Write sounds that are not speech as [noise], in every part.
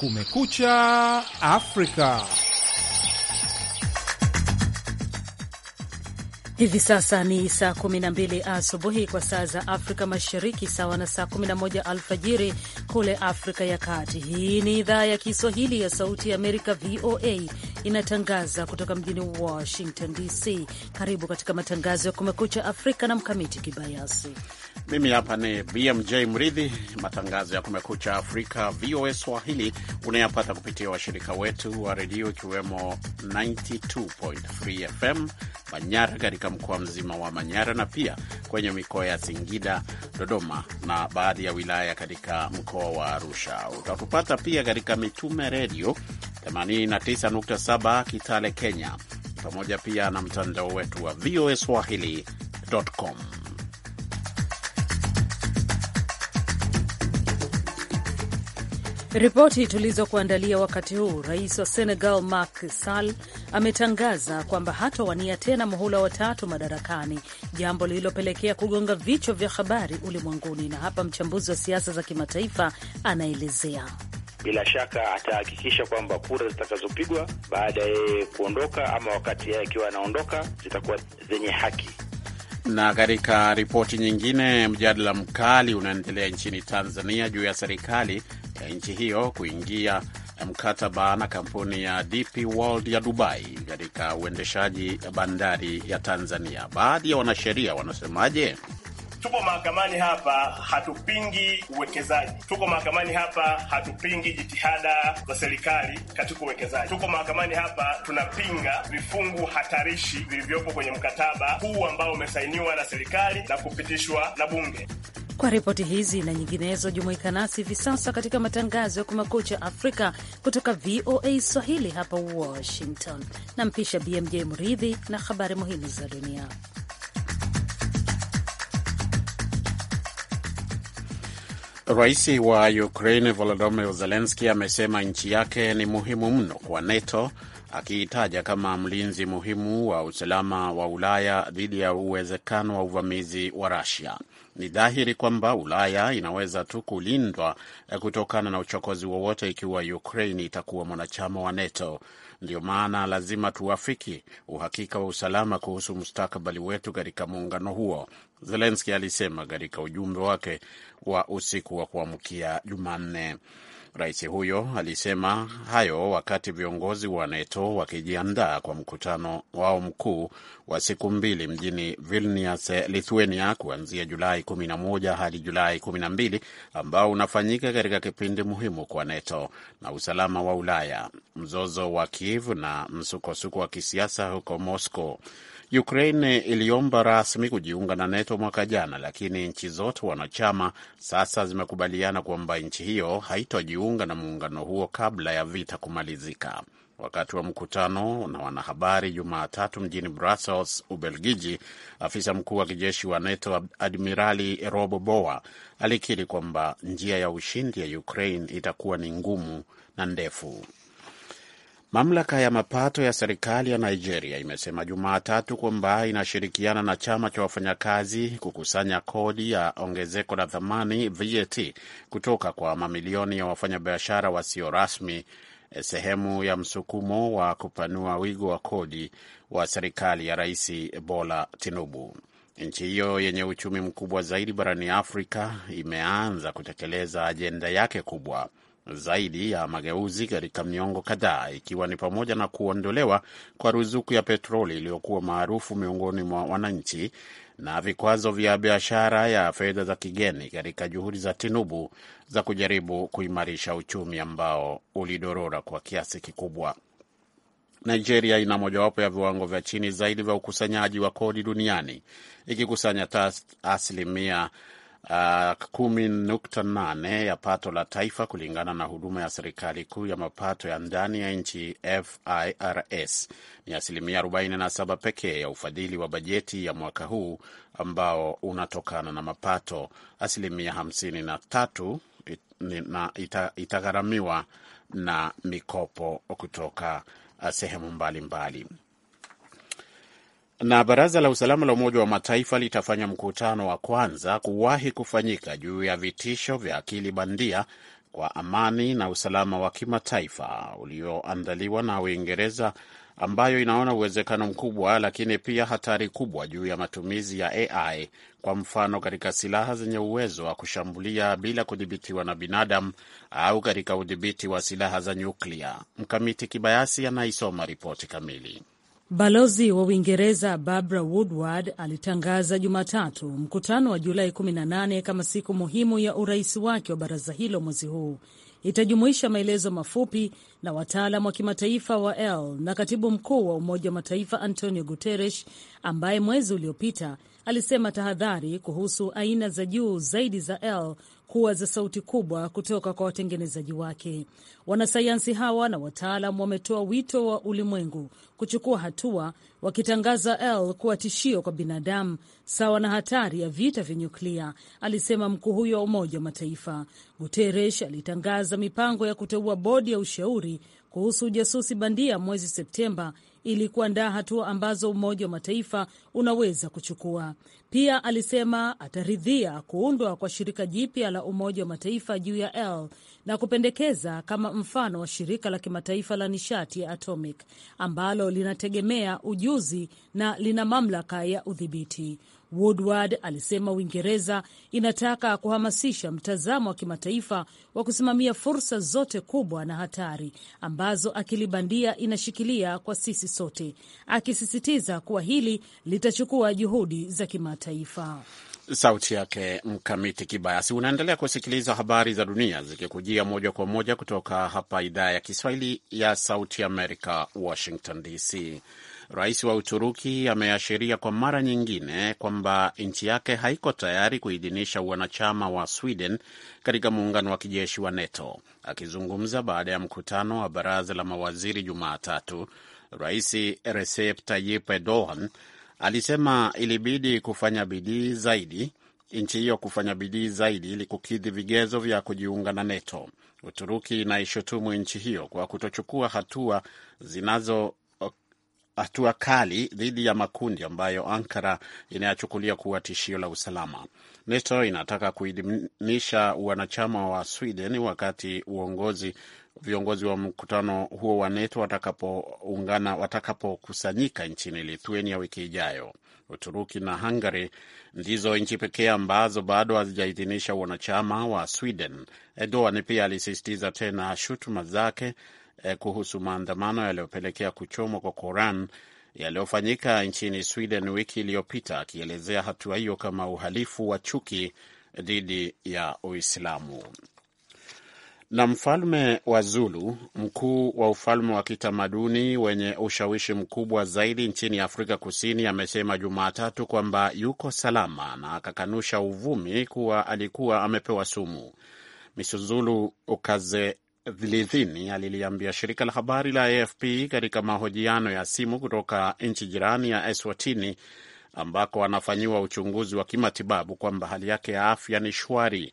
Kumekucha Afrika. Hivi sasa ni saa 12 asubuhi kwa saa za Afrika Mashariki, sawa na saa 11 alfajiri kule Afrika ya Kati. Hii ni idhaa ya Kiswahili ya Sauti ya Amerika, VOA, inatangaza kutoka mjini Washington DC. Karibu katika matangazo ya Kumekucha Afrika na Mkamiti Kibayasi mimi hapa ni BMJ Mridhi. Matangazo ya Kumekucha Afrika VOA Swahili unayapata kupitia washirika wetu wa redio ikiwemo 92.3 FM Manyara katika mkoa mzima wa Manyara na pia kwenye mikoa ya Singida, Dodoma na baadhi ya wilaya katika mkoa wa Arusha. Utatupata pia katika Mitume Redio 89.7 Kitale, Kenya, pamoja pia na mtandao wetu wa VOA Swahili.com. Ripoti tulizokuandalia wakati huu, rais wa Senegal Macky Sall ametangaza kwamba hatawania tena muhula wa tatu madarakani, jambo lililopelekea kugonga vichwa vya habari ulimwenguni. Na hapa mchambuzi wa siasa za kimataifa anaelezea. Bila shaka atahakikisha kwamba kura zitakazopigwa baada ya yeye kuondoka ama wakati yeye akiwa anaondoka zitakuwa zenye haki. Na katika ripoti nyingine, mjadala mkali unaendelea nchini Tanzania juu ya serikali nchi hiyo kuingia mkataba na kampuni ya DP World ya Dubai katika uendeshaji bandari ya Tanzania. Baadhi ya wanasheria wanasemaje? Tuko mahakamani hapa, hatupingi uwekezaji. Tuko mahakamani hapa, hatupingi jitihada za serikali katika uwekezaji. Tuko mahakamani hapa, tunapinga vifungu hatarishi vilivyopo kwenye mkataba huu ambao umesainiwa na serikali na kupitishwa na Bunge. Kwa ripoti hizi na nyinginezo, jumuika nasi hivi sasa katika matangazo ya Kumekucha Afrika kutoka VOA Swahili hapa Washington. Nampisha BMJ Mridhi na habari muhimu za dunia. Rais wa Ukraine Volodymyr zelenski amesema nchi yake ni muhimu mno kwa NATO, akiitaja kama mlinzi muhimu wa usalama wa Ulaya dhidi ya uwezekano wa uvamizi wa Rusia. Ni dhahiri kwamba Ulaya inaweza tu kulindwa eh, kutokana na uchokozi wowote ikiwa Ukraine itakuwa mwanachama wa NATO. Ndio maana lazima tuafiki uhakika wa usalama kuhusu mustakabali wetu katika muungano huo, Zelenski alisema katika ujumbe wake wa usiku wa kuamkia Jumanne. Rais huyo alisema hayo wakati viongozi wa NATO wakijiandaa kwa mkutano wao mkuu wa siku mbili mjini Vilnius, Lithuania, kuanzia Julai 11 hadi Julai 12, ambao unafanyika katika kipindi muhimu kwa NATO na usalama wa Ulaya, mzozo wa Kiev na msukosuko wa kisiasa huko Moscow. Ukraine iliomba rasmi kujiunga na NATO mwaka jana, lakini nchi zote wanachama sasa zimekubaliana kwamba nchi hiyo haitojiunga na muungano huo kabla ya vita kumalizika. Wakati wa mkutano na wanahabari Jumatatu mjini Brussels, Ubelgiji, afisa mkuu wa kijeshi wa NATO Admirali Robo Boa alikiri kwamba njia ya ushindi ya Ukraine itakuwa ni ngumu na ndefu. Mamlaka ya mapato ya serikali ya Nigeria imesema Jumatatu kwamba inashirikiana na chama cha wafanyakazi kukusanya kodi ya ongezeko la thamani VAT kutoka kwa mamilioni ya wafanyabiashara wasio rasmi, eh, sehemu ya msukumo wa kupanua wigo wa kodi wa serikali ya Rais Bola Tinubu. Nchi hiyo yenye uchumi mkubwa zaidi barani Afrika imeanza kutekeleza ajenda yake kubwa zaidi ya mageuzi katika miongo kadhaa, ikiwa ni pamoja na kuondolewa kwa ruzuku ya petroli iliyokuwa maarufu miongoni mwa wananchi na vikwazo vya biashara ya fedha za kigeni katika juhudi za Tinubu za kujaribu kuimarisha uchumi ambao ulidorora kwa kiasi kikubwa. Nigeria ina mojawapo ya viwango vya chini zaidi vya ukusanyaji wa kodi duniani ikikusanya asilimia Uh, kumi nukta nane ya pato la taifa kulingana na huduma ya serikali kuu ya mapato ya ndani ya nchi FIRS. Ni asilimia 47 pekee ya ufadhili wa bajeti ya mwaka huu ambao unatokana na mapato. Asilimia 53 itagharamiwa na mikopo kutoka uh, sehemu mbalimbali mbali. Na baraza la usalama la Umoja wa Mataifa litafanya mkutano wa kwanza kuwahi kufanyika juu ya vitisho vya akili bandia kwa amani na usalama wa kimataifa ulioandaliwa na Uingereza ambayo inaona uwezekano mkubwa lakini pia hatari kubwa juu ya matumizi ya AI kwa mfano katika silaha zenye uwezo wa kushambulia bila kudhibitiwa na binadamu au katika udhibiti wa silaha za nyuklia. Mkamiti Kibayasi anaisoma ripoti kamili. Balozi wa Uingereza Barbara Woodward alitangaza Jumatatu mkutano wa Julai 18 kama siku muhimu ya urais wake wa baraza hilo mwezi huu. Itajumuisha maelezo mafupi na wataalam wa kimataifa wa l na katibu mkuu wa Umoja wa Mataifa Antonio Guterres ambaye mwezi uliopita alisema tahadhari kuhusu aina za juu zaidi za l kuwa za sauti kubwa kutoka kwa watengenezaji wake. Wanasayansi hawa na wataalam wametoa wito wa ulimwengu kuchukua hatua, wakitangaza L kuwa tishio kwa binadamu sawa na hatari ya vita vya nyuklia, alisema mkuu huyo wa Umoja wa Mataifa. Guterres alitangaza mipango ya kuteua bodi ya ushauri kuhusu ujasusi bandia mwezi Septemba ili kuandaa hatua ambazo Umoja wa Mataifa unaweza kuchukua. Pia alisema ataridhia kuundwa kwa shirika jipya la Umoja wa Mataifa juu ya L na kupendekeza kama mfano wa shirika la kimataifa la nishati ya atomic ambalo linategemea ujuzi na lina mamlaka ya udhibiti. Woodward alisema Uingereza inataka kuhamasisha mtazamo wa kimataifa wa kusimamia fursa zote kubwa na hatari ambazo akili bandia inashikilia kwa sisi sote, akisisitiza kuwa hili litachukua juhudi za kimataifa. Sauti yake Mkamiti Kibayasi. Unaendelea kusikiliza habari za dunia zikikujia moja kwa moja kutoka hapa idhaa ya Kiswahili ya Sauti Amerika, Washington DC. Rais wa Uturuki ameashiria kwa mara nyingine kwamba nchi yake haiko tayari kuidhinisha wanachama wa Sweden katika muungano wa kijeshi wa NATO. Akizungumza baada ya mkutano wa baraza la mawaziri Jumatatu, Rais Recep Tayyip Erdogan alisema ilibidi kufanya bidii zaidi nchi hiyo kufanya bidii zaidi ili kukidhi vigezo vya kujiunga na NATO. Uturuki inaishutumu nchi hiyo kwa kutochukua hatua zinazo hatua kali dhidi ya makundi ambayo Ankara inayachukulia kuwa tishio la usalama. NATO inataka kuidhinisha wanachama wa Sweden wakati uongozi viongozi wa mkutano huo wa NATO watakapoungana watakapokusanyika nchini Lithuania wiki ijayo. Uturuki na Hungary ndizo nchi pekee ambazo bado hazijaidhinisha wanachama wa Sweden. Erdogan pia alisisitiza tena shutuma zake eh, kuhusu maandamano yaliyopelekea kuchomwa kwa Koran yaliyofanyika nchini Sweden wiki iliyopita, akielezea hatua hiyo kama uhalifu wa chuki dhidi ya Uislamu. Na mfalme wa Zulu, mkuu wa ufalme wa kitamaduni wenye ushawishi mkubwa zaidi nchini Afrika Kusini, amesema Jumatatu kwamba yuko salama na akakanusha uvumi kuwa alikuwa amepewa sumu. Misuzulu Okaze thelathini aliliambia shirika la habari la AFP katika mahojiano ya simu kutoka nchi jirani ya Eswatini ambako anafanyiwa uchunguzi wa kimatibabu kwamba hali yake ya afya ni shwari.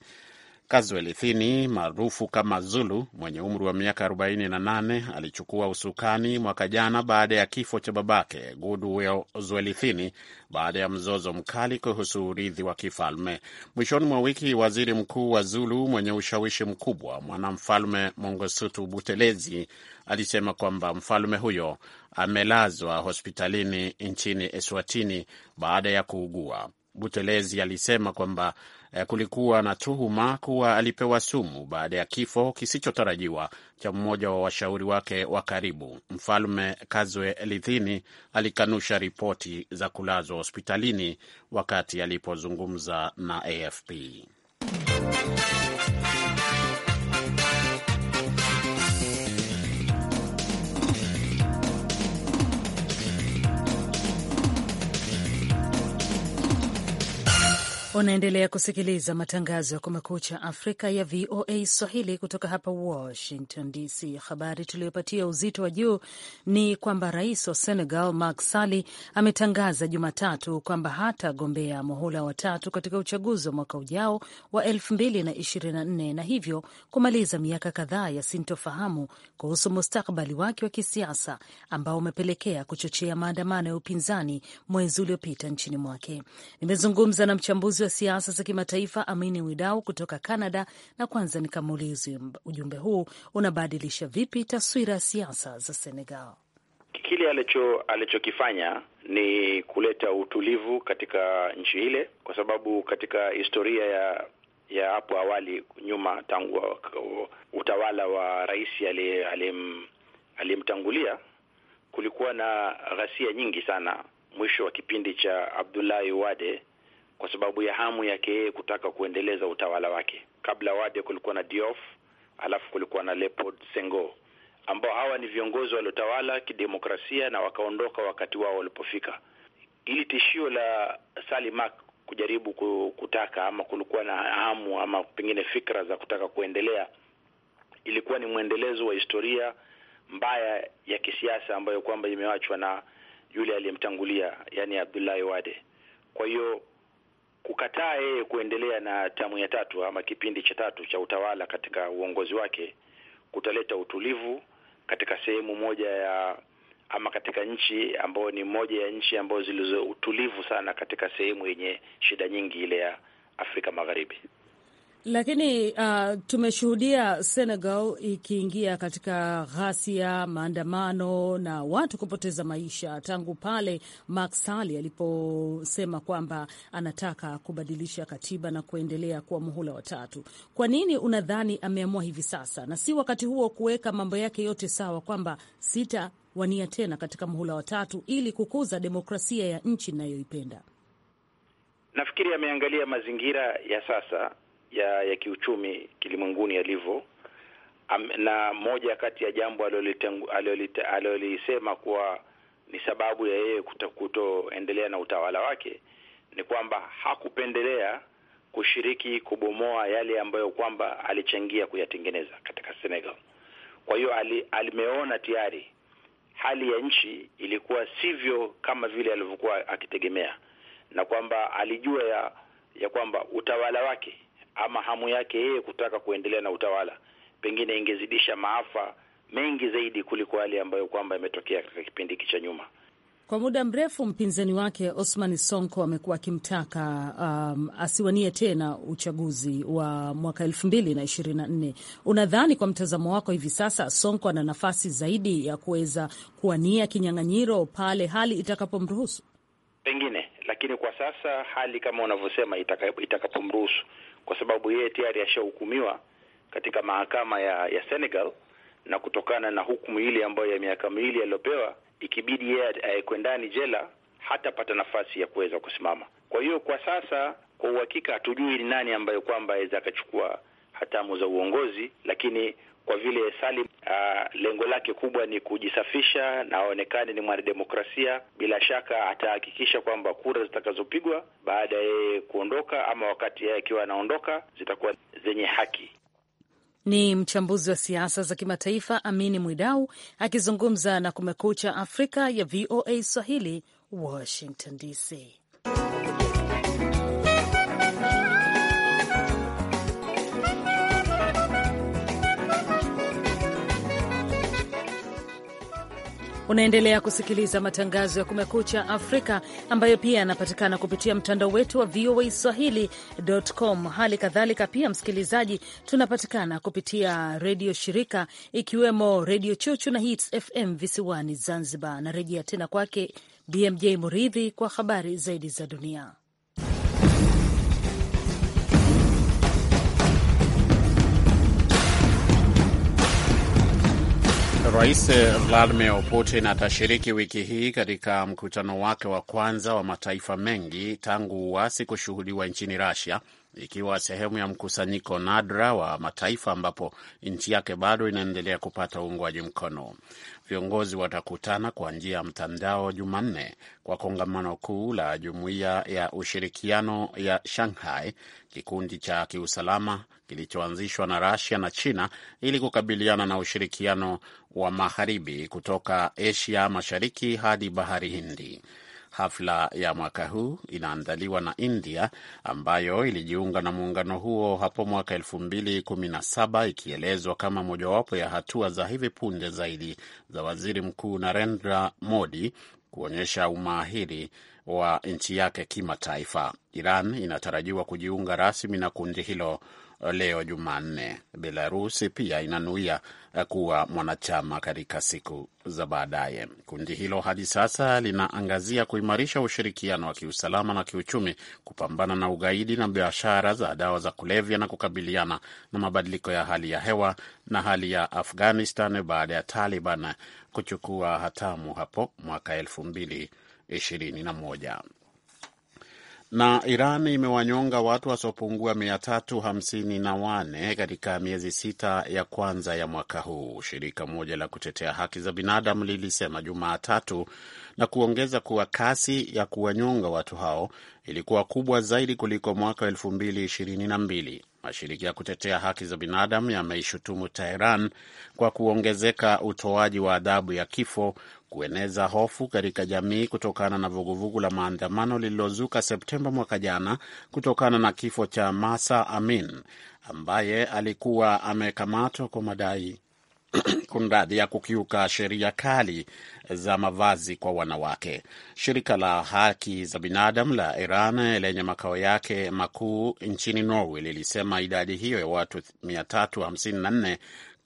Thini, maarufu kama Zulu mwenye umri wa miaka 48 alichukua usukani mwaka jana baada ya kifo cha babake Goodwill Zwelithini baada ya mzozo mkali kuhusu urithi wa kifalme. Mwishoni mwa wiki, waziri mkuu wa Zulu mwenye ushawishi mkubwa, mwanamfalme Mongosutu Butelezi, alisema kwamba mfalme huyo amelazwa hospitalini nchini Eswatini baada ya kuugua. Butelezi alisema kwamba Eh, kulikuwa na tuhuma kuwa alipewa sumu baada ya kifo kisichotarajiwa cha mmoja wa washauri wake wa karibu. Mfalme Kazwe Lithini alikanusha ripoti za kulazwa hospitalini wakati alipozungumza na AFP. Unaendelea kusikiliza matangazo ya Kumekucha Afrika ya VOA Swahili kutoka hapa Washington DC. Habari tuliyopatia uzito wa juu ni kwamba rais wa Senegal Macky Sall ametangaza Jumatatu kwamba hatagombea muhula wa tatu katika uchaguzi wa mwaka ujao wa 2024 na hivyo kumaliza miaka kadhaa ya sintofahamu kuhusu mustakabali wake wa kisiasa ambao umepelekea kuchochea maandamano ya upinzani mwezi uliopita nchini mwake. Nimezungumza na mchambuzi wa siasa za kimataifa Amini Widau kutoka Canada, na kwanza nikamuulizi ujumbe huu unabadilisha vipi taswira ya siasa za Senegal? Kile alicho alichokifanya ni kuleta utulivu katika nchi ile, kwa sababu katika historia ya ya hapo awali nyuma, tangu utawala wa rais aliyemtangulia, kulikuwa na ghasia nyingi sana. Mwisho wa kipindi cha Abdullahi Wade kwa sababu ya hamu yake yeye kutaka kuendeleza utawala wake. Kabla Wade kulikuwa na diof alafu kulikuwa na Leopold Senghor ambao hawa ni viongozi waliotawala kidemokrasia na wakaondoka wakati wao walipofika. Ili tishio la Salimak kujaribu kutaka ama kulikuwa na hamu ama pengine fikra za kutaka kuendelea, ilikuwa ni mwendelezo wa historia mbaya ya kisiasa ambayo kwamba imewachwa na yule aliyemtangulia, yani Abdullahi Wade. Kwa hiyo kukataa yeye kuendelea na tamu ya tatu ama kipindi cha tatu cha utawala katika uongozi wake kutaleta utulivu katika sehemu moja ya ama katika nchi ambayo ni moja ya nchi ambayo zilizo utulivu sana katika sehemu yenye shida nyingi ile ya Afrika Magharibi. Lakini uh, tumeshuhudia Senegal ikiingia katika ghasia, maandamano na watu kupoteza maisha tangu pale Macky Sall aliposema kwamba anataka kubadilisha katiba na kuendelea kuwa muhula watatu. Kwa nini unadhani ameamua hivi sasa na si wakati huo kuweka mambo yake yote sawa kwamba sita wania tena katika muhula watatu ili kukuza demokrasia ya nchi inayoipenda? Nafikiri ameangalia mazingira ya sasa ya ya kiuchumi kilimwenguni yalivyo, na moja kati ya jambo aliyolisema kuwa ni sababu ya yeye kutoendelea na utawala wake ni kwamba hakupendelea kushiriki kubomoa yale ambayo kwamba alichangia kuyatengeneza katika Senegal. Kwa hiyo alimeona tayari hali ya nchi ilikuwa sivyo kama vile alivyokuwa akitegemea, na kwamba alijua ya, ya kwamba utawala wake ama hamu yake yeye kutaka kuendelea na utawala, pengine ingezidisha maafa mengi zaidi kuliko yale ambayo kwamba yametokea katika kipindi hiki cha nyuma. Kwa muda mrefu mpinzani wake Osman Sonko amekuwa akimtaka um, asiwanie tena uchaguzi wa mwaka elfu mbili na ishirini na nne. Unadhani kwa mtazamo wako hivi sasa Sonko ana nafasi zaidi ya kuweza kuwania kinyang'anyiro pale hali itakapomruhusu? Pengine, lakini kwa sasa hali kama unavyosema itakapomruhusu, kwa sababu yeye tayari ashahukumiwa katika mahakama ya ya Senegal, na kutokana na hukumu ile ambayo ya miaka miwili aliyopewa, ikibidi yeye awekwe ndani jela, hatapata nafasi ya kuweza kusimama. Kwa hiyo kwa sasa, kwa uhakika hatujui ni nani ambayo kwamba aweza akachukua hatamu za uongozi, lakini kwa vile Salim uh, lengo lake kubwa ni kujisafisha na aonekane ni mwanademokrasia. Bila shaka atahakikisha kwamba kura zitakazopigwa baada ya yeye kuondoka ama wakati yeye akiwa anaondoka zitakuwa zenye haki. Ni mchambuzi wa siasa za kimataifa Amini Mwidau akizungumza na Kumekucha Afrika ya VOA Swahili, Washington DC. Unaendelea kusikiliza matangazo ya Kumekucha Afrika ambayo pia yanapatikana kupitia mtandao wetu wa VOA Swahili.com. Hali kadhalika pia, msikilizaji, tunapatikana kupitia redio shirika ikiwemo Redio Chuchu na Hits FM visiwani Zanzibar. Narejea tena kwake BMJ Muridhi kwa habari zaidi za dunia. Rais eh, Vladimir Putin atashiriki wiki hii katika mkutano wake wa kwanza wa mataifa mengi tangu uasi kushuhudiwa nchini Russia, ikiwa sehemu ya mkusanyiko nadra wa mataifa ambapo nchi yake bado inaendelea kupata uungwaji mkono viongozi watakutana kwa njia ya mtandao Jumanne kwa kongamano kuu la Jumuiya ya Ushirikiano ya Shanghai, kikundi cha kiusalama kilichoanzishwa na rasia na China ili kukabiliana na ushirikiano wa magharibi kutoka Asia Mashariki hadi Bahari Hindi. Hafla ya mwaka huu inaandaliwa na India ambayo ilijiunga na muungano huo hapo mwaka elfu mbili kumi na saba ikielezwa kama mojawapo ya hatua za hivi punde zaidi za waziri mkuu Narendra Modi kuonyesha umahiri wa nchi yake kimataifa. Iran inatarajiwa kujiunga rasmi na kundi hilo leo Jumanne. Belarusi pia inanuia eh, kuwa mwanachama katika siku za baadaye. Kundi hilo hadi sasa linaangazia kuimarisha ushirikiano wa kiusalama na kiuchumi, kupambana na ugaidi na biashara za dawa za kulevya na kukabiliana na mabadiliko ya hali ya hewa na hali ya Afghanistan baada ya Taliban kuchukua hatamu hapo mwaka elfu mbili ishirini na moja. Na Iran imewanyonga watu wasiopungua mia tatu hamsini na wane katika miezi sita ya kwanza ya mwaka huu, shirika moja la kutetea haki za binadamu lilisema Jumatatu, na kuongeza kuwa kasi ya kuwanyonga watu hao ilikuwa kubwa zaidi kuliko mwaka elfu mbili ishirini na mbili. Mashirika ya kutetea haki za binadamu yameishutumu Tehran kwa kuongezeka utoaji wa adhabu ya kifo kueneza hofu katika jamii kutokana na vuguvugu la maandamano lililozuka Septemba mwaka jana kutokana na kifo cha Masa Amin ambaye alikuwa amekamatwa kwa madai [clears throat] kunradhi ya kukiuka sheria kali za mavazi kwa wanawake. Shirika la haki za binadamu la Iran lenye makao yake makuu nchini Norway lilisema idadi hiyo ya watu 354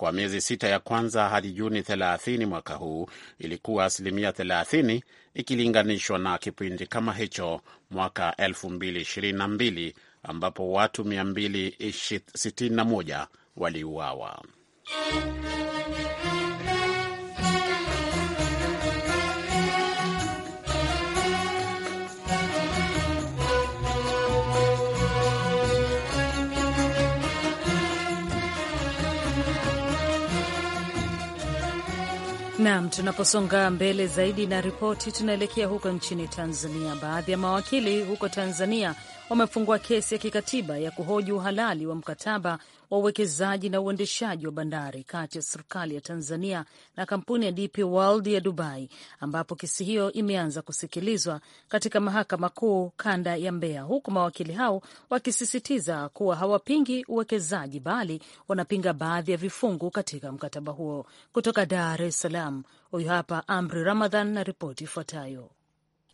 kwa miezi sita ya kwanza hadi Juni 30 mwaka huu ilikuwa asilimia 30 ikilinganishwa na kipindi kama hicho mwaka 2022 ambapo watu 261 waliuawa. Naam, tunaposonga mbele zaidi na ripoti, tunaelekea huko nchini Tanzania. Baadhi ya mawakili huko Tanzania wamefungua kesi ya kikatiba ya kuhoji uhalali wa mkataba wa uwekezaji na uendeshaji wa bandari kati ya serikali ya Tanzania na kampuni ya DP World ya Dubai, ambapo kesi hiyo imeanza kusikilizwa katika mahakama kuu kanda ya Mbeya, huku mawakili hao wakisisitiza kuwa hawapingi uwekezaji bali wanapinga baadhi ya vifungu katika mkataba huo. Kutoka Dar es Salaam, huyu hapa Amri Ramadhan na ripoti ifuatayo.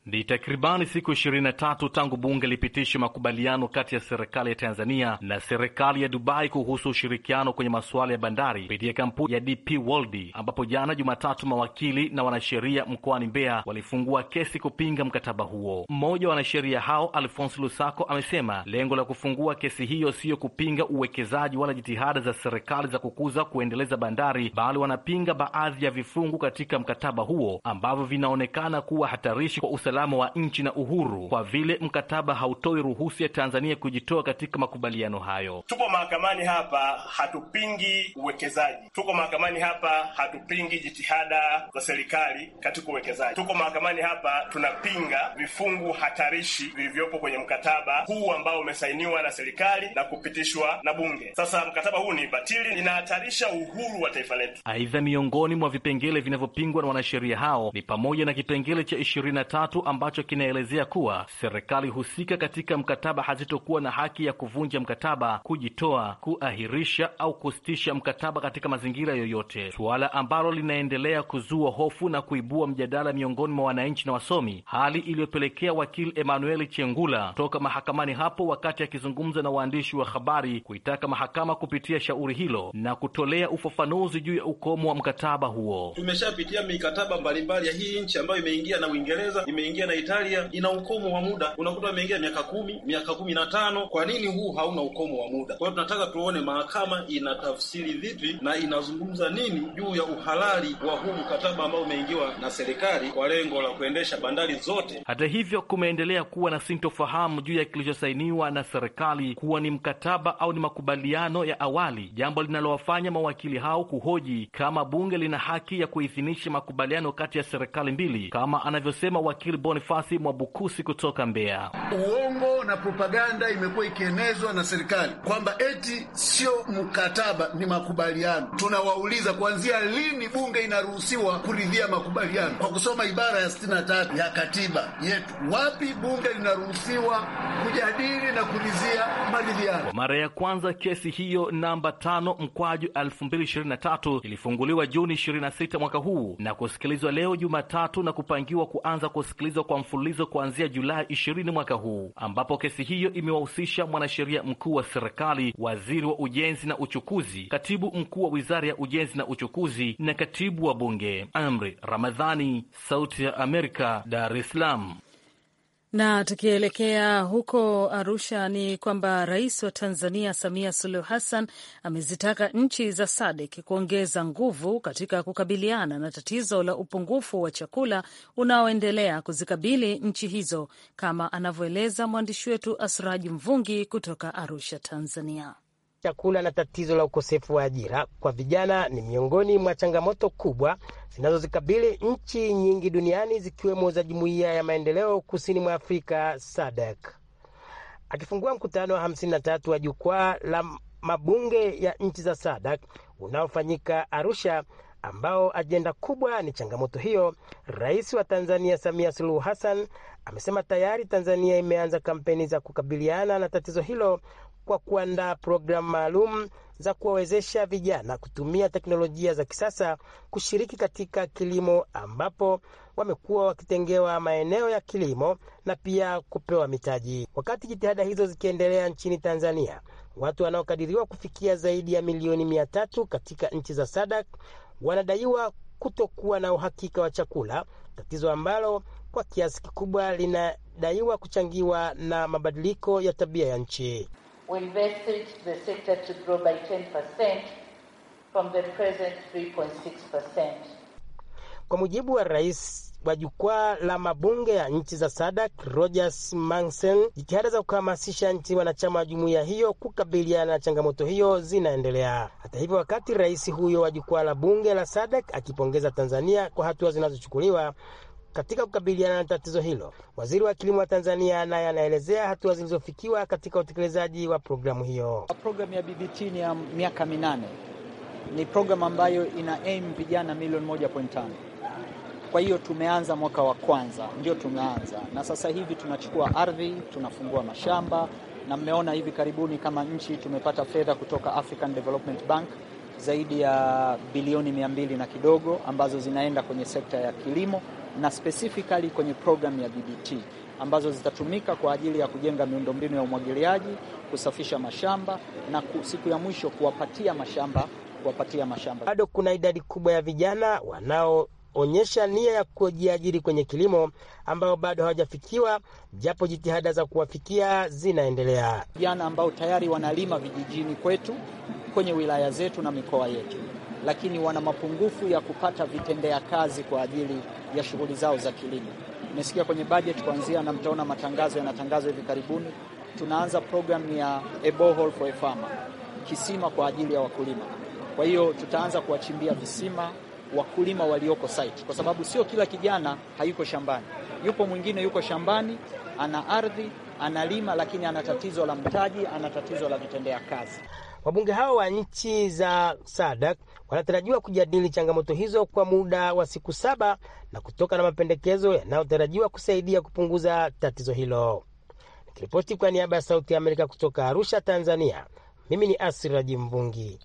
Ni takribani siku 23 tangu bunge lipitishe makubaliano kati ya serikali ya Tanzania na serikali ya Dubai kuhusu ushirikiano kwenye masuala ya bandari kupitia kampuni ya DP World, ambapo jana Jumatatu mawakili na wanasheria mkoani Mbeya walifungua kesi kupinga mkataba huo. Mmoja wa wanasheria hao Alphonse Lusako amesema lengo la kufungua kesi hiyo siyo kupinga uwekezaji wala jitihada za serikali za kukuza kuendeleza bandari, bali wanapinga baadhi ya vifungu katika mkataba huo ambavyo vinaonekana kuwa hatarishi kwa usalama usalama wa nchi na uhuru, kwa vile mkataba hautoi ruhusa ya Tanzania kujitoa katika makubaliano hayo. Tupo mahakamani hapa, hatupingi uwekezaji. Tuko mahakamani hapa, hatupingi jitihada za serikali katika uwekezaji. Tuko mahakamani hapa, tunapinga vifungu hatarishi vilivyopo kwenye mkataba huu ambao umesainiwa na serikali na kupitishwa na Bunge. Sasa mkataba huu ni batili, inahatarisha uhuru wa taifa letu. Aidha, miongoni mwa vipengele vinavyopingwa na wanasheria hao ni pamoja na kipengele cha 23 ambacho kinaelezea kuwa serikali husika katika mkataba hazitokuwa na haki ya kuvunja mkataba, kujitoa, kuahirisha au kusitisha mkataba katika mazingira yoyote, suala ambalo linaendelea kuzua hofu na kuibua mjadala miongoni mwa wananchi na wasomi, hali iliyopelekea wakili Emmanuel Chengula toka mahakamani hapo wakati akizungumza na waandishi wa habari kuitaka mahakama kupitia shauri hilo na kutolea ufafanuzi juu ya ukomo wa mkataba huo. Tumeshapitia mikataba mbalimbali ya hii nchi ambayo imeingia na Uingereza ime wameingia na Italia ina ukomo wa muda, unakuta ameingia miaka kumi, miaka kumi na tano. Kwa nini huu hauna ukomo wa muda? Kwa hiyo tunataka tuone mahakama inatafsiri vipi na inazungumza nini juu ya uhalali wa huu mkataba ambao umeingiwa na serikali kwa lengo la kuendesha bandari zote. Hata hivyo, kumeendelea kuwa na sintofahamu juu ya kilichosainiwa na serikali kuwa ni mkataba au ni makubaliano ya awali, jambo linalowafanya mawakili hao kuhoji kama bunge lina haki ya kuidhinisha makubaliano kati ya serikali mbili, kama anavyosema wakili Emmanuel Bonifasi Mwabukusi kutoka Mbeya. Uongo na propaganda imekuwa ikienezwa na serikali kwamba eti sio mkataba, ni makubaliano. Tunawauliza, kuanzia lini bunge inaruhusiwa kuridhia makubaliano? Kwa kusoma ibara ya 63 ya katiba yetu, wapi bunge linaruhusiwa kujadili na kuridhia maridhiano? Kwa mara ya kwanza kesi hiyo namba 5 mkwaju 2023 ilifunguliwa Juni 26 mwaka huu na kusikilizwa leo Jumatatu na kupangiwa kuanza kusikilizwa mfululizo kwa mfululizo kuanzia Julai ishirini mwaka huu, ambapo kesi hiyo imewahusisha mwanasheria mkuu wa serikali, waziri wa ujenzi na uchukuzi, katibu mkuu wa wizara ya ujenzi na uchukuzi na katibu wa bunge. Amri Ramadhani, Sauti ya Amerika, Dar es Salaam. Na tukielekea huko Arusha ni kwamba rais wa Tanzania Samia Suluhu Hassan amezitaka nchi za SADC kuongeza nguvu katika kukabiliana na tatizo la upungufu wa chakula unaoendelea kuzikabili nchi hizo, kama anavyoeleza mwandishi wetu Asraji Mvungi kutoka Arusha, Tanzania chakula na tatizo la ukosefu wa ajira kwa vijana ni miongoni mwa changamoto kubwa zinazozikabili nchi nyingi duniani zikiwemo za Jumuiya ya Maendeleo Kusini mwa Afrika SADC. Akifungua mkutano wa 53 wa jukwaa la mabunge ya nchi za SADC unaofanyika Arusha, ambao ajenda kubwa ni changamoto hiyo, Rais wa Tanzania Samia Suluhu Hassan amesema tayari Tanzania imeanza kampeni za kukabiliana na tatizo hilo kwa kuandaa programu maalum za kuwawezesha vijana kutumia teknolojia za kisasa kushiriki katika kilimo, ambapo wamekuwa wakitengewa maeneo ya kilimo na pia kupewa mitaji. Wakati jitihada hizo zikiendelea nchini Tanzania, watu wanaokadiriwa kufikia zaidi ya milioni mia tatu katika nchi za SADAK wanadaiwa kutokuwa na uhakika wa chakula, tatizo ambalo kwa kiasi kikubwa linadaiwa kuchangiwa na mabadiliko ya tabia ya nchi we invested the sector to grow by 10% from the present 3.6%. Kwa mujibu wa rais wa jukwaa la mabunge ya nchi za SADAK Rogers Mansen, jitihada za kuhamasisha nchi wanachama wa jumuiya hiyo kukabiliana na changamoto hiyo zinaendelea. Hata hivyo, wakati rais huyo wa jukwaa la bunge la SADAK akipongeza Tanzania kwa hatua zinazochukuliwa katika kukabiliana na tatizo hilo, waziri wa kilimo wa Tanzania naye anaelezea hatua zilizofikiwa katika utekelezaji wa programu hiyo. Programu ya BBT ni ya miaka minane, ni programu ambayo ina aim vijana milioni 1.5. Kwa hiyo tumeanza mwaka wa kwanza, ndio tumeanza, na sasa hivi tunachukua ardhi, tunafungua mashamba, na mmeona hivi karibuni kama nchi tumepata fedha kutoka African Development Bank zaidi ya bilioni mia mbili na kidogo ambazo zinaenda kwenye sekta ya kilimo na specifically kwenye programu ya BBT ambazo zitatumika kwa ajili ya kujenga miundombinu ya umwagiliaji, kusafisha mashamba na siku ya mwisho kuwapatia mashamba kuwapatia mashamba. Bado kuna idadi kubwa ya vijana wanaoonyesha nia ya kujiajiri kwenye kilimo ambao bado hawajafikiwa, japo jitihada za kuwafikia zinaendelea. Vijana ambao tayari wanalima vijijini kwetu, kwenye wilaya zetu na mikoa yetu lakini wana mapungufu ya kupata vitendea kazi kwa ajili ya shughuli zao za kilimo. Nimesikia kwenye budget kuanzia, na mtaona matangazo yanatangazwa hivi karibuni, tunaanza programu ya a borehole for a farmer, kisima kwa ajili ya wakulima. Kwa hiyo tutaanza kuwachimbia visima wakulima walioko site, kwa sababu sio kila kijana hayuko shambani. Yupo mwingine yuko shambani, ana ardhi, analima, lakini ana tatizo la mtaji, ana tatizo la vitendea kazi. Wabunge hao wa nchi za SADC wanatarajiwa kujadili changamoto hizo kwa muda wa siku saba na kutoka na mapendekezo yanayotarajiwa kusaidia kupunguza tatizo hilo. Nikiripoti kwa niaba ya Sauti ya Amerika kutoka Arusha, Tanzania, mimi ni Asiraji Mvungi.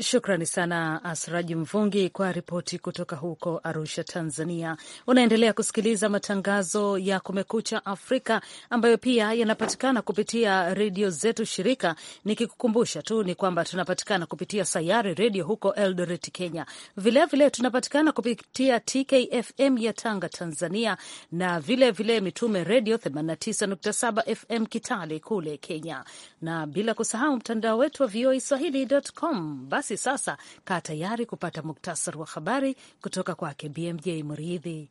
Shukrani sana Asraji Mvungi kwa ripoti kutoka huko Arusha, Tanzania. Unaendelea kusikiliza matangazo ya Kumekucha Afrika ambayo pia yanapatikana kupitia redio zetu shirika. Nikikukumbusha tu ni kwamba tunapatikana kupitia Sayari Redio huko Eldoret, Kenya. Vilevile tunapatikana kupitia TKFM ya Tanga, Tanzania, na vilevile vile Mitume Redio 89.7 FM Kitale kule Kenya, na bila kusahau mtandao wetu wa voa swahili.com basi sasa kaa tayari kupata muktasari wa habari kutoka kwake BMJ Mridhi.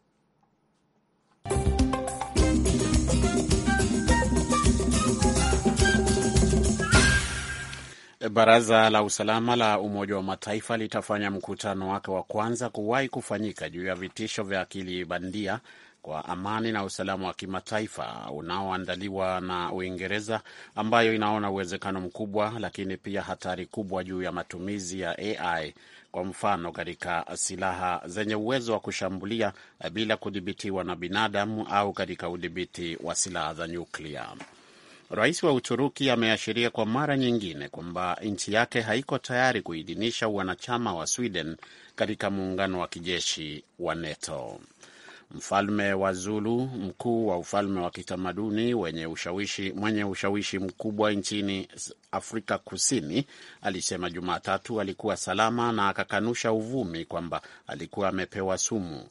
Baraza la usalama la Umoja wa Mataifa litafanya mkutano wake wa kwanza kuwahi kufanyika juu ya vitisho vya akili bandia kwa amani na usalama wa kimataifa unaoandaliwa na Uingereza, ambayo inaona uwezekano mkubwa lakini pia hatari kubwa juu ya matumizi ya AI kwa mfano katika silaha zenye uwezo wa kushambulia bila kudhibitiwa na binadamu au katika udhibiti wa silaha za nyuklia. Rais wa Uturuki ameashiria kwa mara nyingine kwamba nchi yake haiko tayari kuidhinisha wanachama wa Sweden katika muungano wa kijeshi wa NATO mfalme wa Zulu, mkuu wa ufalme wa kitamaduni wenye ushawishi, mwenye ushawishi mkubwa nchini Afrika Kusini, alisema Jumatatu alikuwa salama na akakanusha uvumi kwamba alikuwa amepewa sumu.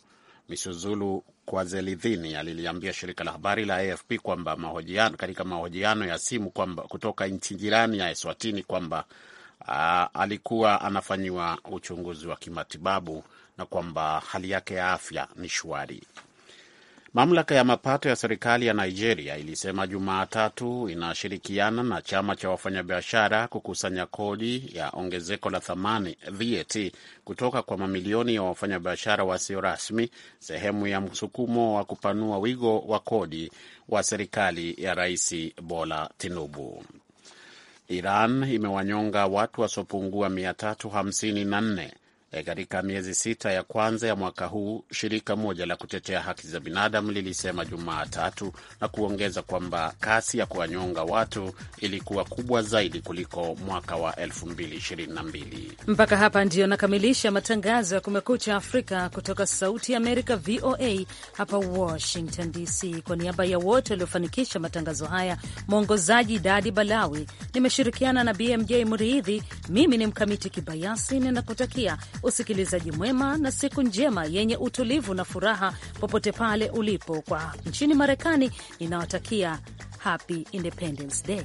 Misuzulu Kwazelidhini aliliambia shirika la habari la AFP kwamba mahojiano, katika mahojiano ya simu kwamba kutoka nchi jirani ya Eswatini kwamba a, alikuwa anafanyiwa uchunguzi wa kimatibabu na kwamba hali yake ya afya ni shwari. Mamlaka ya mapato ya serikali ya Nigeria ilisema Jumatatu inashirikiana na chama cha wafanyabiashara kukusanya kodi ya ongezeko la thamani VAT kutoka kwa mamilioni ya wafanyabiashara wasio rasmi, sehemu ya msukumo wa kupanua wigo wa kodi wa serikali ya Rais Bola Tinubu. Iran imewanyonga watu wasiopungua 354 E, katika miezi sita ya kwanza ya mwaka huu, shirika moja la kutetea haki za binadamu lilisema Jumatatu na kuongeza kwamba kasi ya kuwanyonga watu ilikuwa kubwa zaidi kuliko mwaka wa 2022. Mpaka hapa ndiyo nakamilisha matangazo ya Kumekucha Afrika kutoka Sauti ya Amerika, VOA hapa Washington DC. Kwa niaba ya wote waliofanikisha matangazo haya, mwongozaji Dadi Balawi, nimeshirikiana na BMJ Mridhi, mimi ni Mkamiti Kibayasi, ninakutakia usikilizaji mwema na siku njema yenye utulivu na furaha popote pale ulipo. Kwa nchini Marekani, ninawatakia happy Independence Day.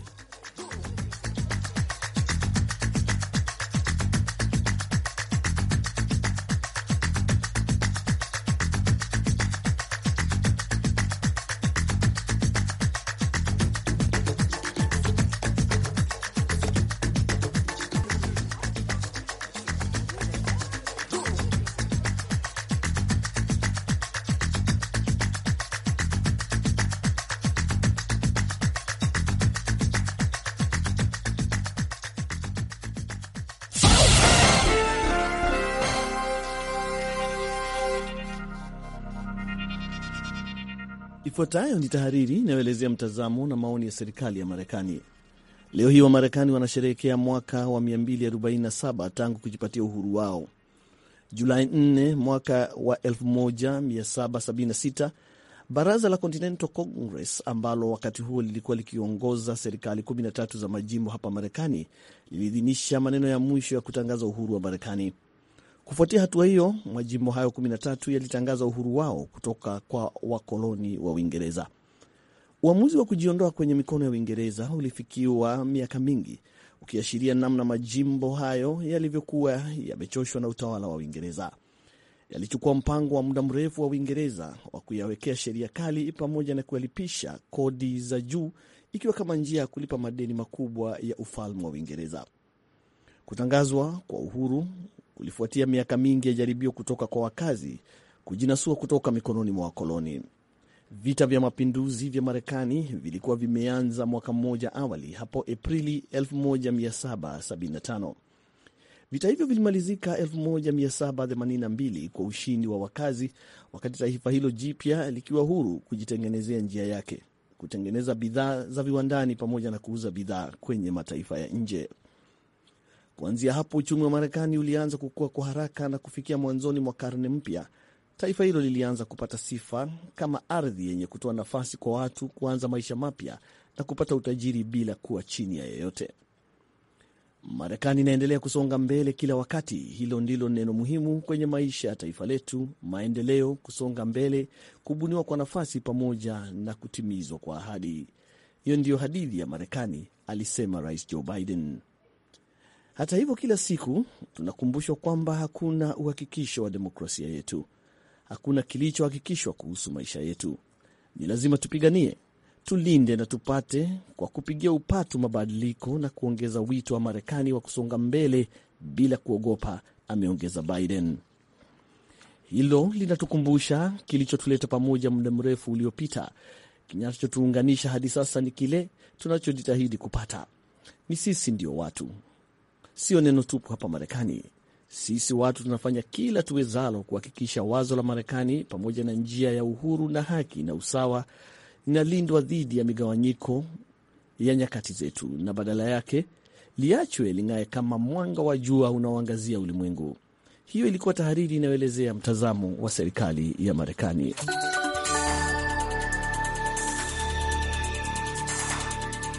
Ifuatayo ni tahariri inayoelezea mtazamo na maoni ya serikali ya Marekani. Leo hii Wamarekani wanasherehekea mwaka wa 247 tangu kujipatia uhuru wao Julai 4 mwaka wa 1776. Baraza la Continental Congress ambalo wakati huo lilikuwa likiongoza serikali 13 za majimbo hapa Marekani liliidhinisha maneno ya mwisho ya kutangaza uhuru wa Marekani. Kufuatia hatua hiyo, majimbo hayo 13 yalitangaza uhuru wao kutoka kwa wakoloni wa Uingereza. Uamuzi wa kujiondoa kwenye mikono ya Uingereza ulifikiwa miaka mingi, ukiashiria namna majimbo hayo yalivyokuwa yamechoshwa na utawala wa Uingereza. Yalichukua mpango wa muda mrefu wa Uingereza wa kuyawekea sheria kali pamoja na kuyalipisha kodi za juu, ikiwa kama njia ya kulipa madeni makubwa ya ufalme wa Uingereza. Kutangazwa kwa uhuru kulifuatia miaka mingi ya jaribio kutoka kwa wakazi kujinasua kutoka mikononi mwa wakoloni. Vita vya mapinduzi vya Marekani vilikuwa vimeanza mwaka mmoja awali hapo Aprili 1775. Vita hivyo vilimalizika 1782 kwa ushindi wa wakazi, wakati taifa hilo jipya likiwa huru kujitengenezea njia yake, kutengeneza bidhaa za viwandani pamoja na kuuza bidhaa kwenye mataifa ya nje. Kuanzia hapo uchumi wa Marekani ulianza kukua kwa haraka na kufikia mwanzoni mwa karne mpya, taifa hilo lilianza kupata sifa kama ardhi yenye kutoa nafasi kwa watu kuanza maisha mapya na kupata utajiri bila kuwa chini ya yeyote. Marekani inaendelea kusonga mbele kila wakati. Hilo ndilo neno muhimu kwenye maisha ya taifa letu: maendeleo, kusonga mbele, kubuniwa kwa nafasi, pamoja na kutimizwa kwa ahadi. Hiyo ndiyo hadithi ya Marekani, alisema Rais Joe Biden. Hata hivyo, kila siku tunakumbushwa kwamba hakuna uhakikisho wa demokrasia yetu, hakuna kilichohakikishwa kuhusu maisha yetu. Ni lazima tupiganie, tulinde na tupate kwa kupigia upatu mabadiliko na kuongeza wito wa Marekani wa kusonga mbele bila kuogopa, ameongeza Biden. Hilo linatukumbusha kilichotuleta pamoja muda mrefu uliopita. Kinachotuunganisha hadi sasa ni kile tunachojitahidi kupata. Ni sisi ndio watu sio neno tupu hapa Marekani. Sisi watu tunafanya kila tuwezalo kuhakikisha wazo la Marekani pamoja na njia ya uhuru na haki na usawa inalindwa dhidi ya migawanyiko ya nyakati zetu, na badala yake liachwe ling'aye kama mwanga wa jua unaoangazia ulimwengu. Hiyo ilikuwa tahariri inayoelezea mtazamo wa serikali ya Marekani.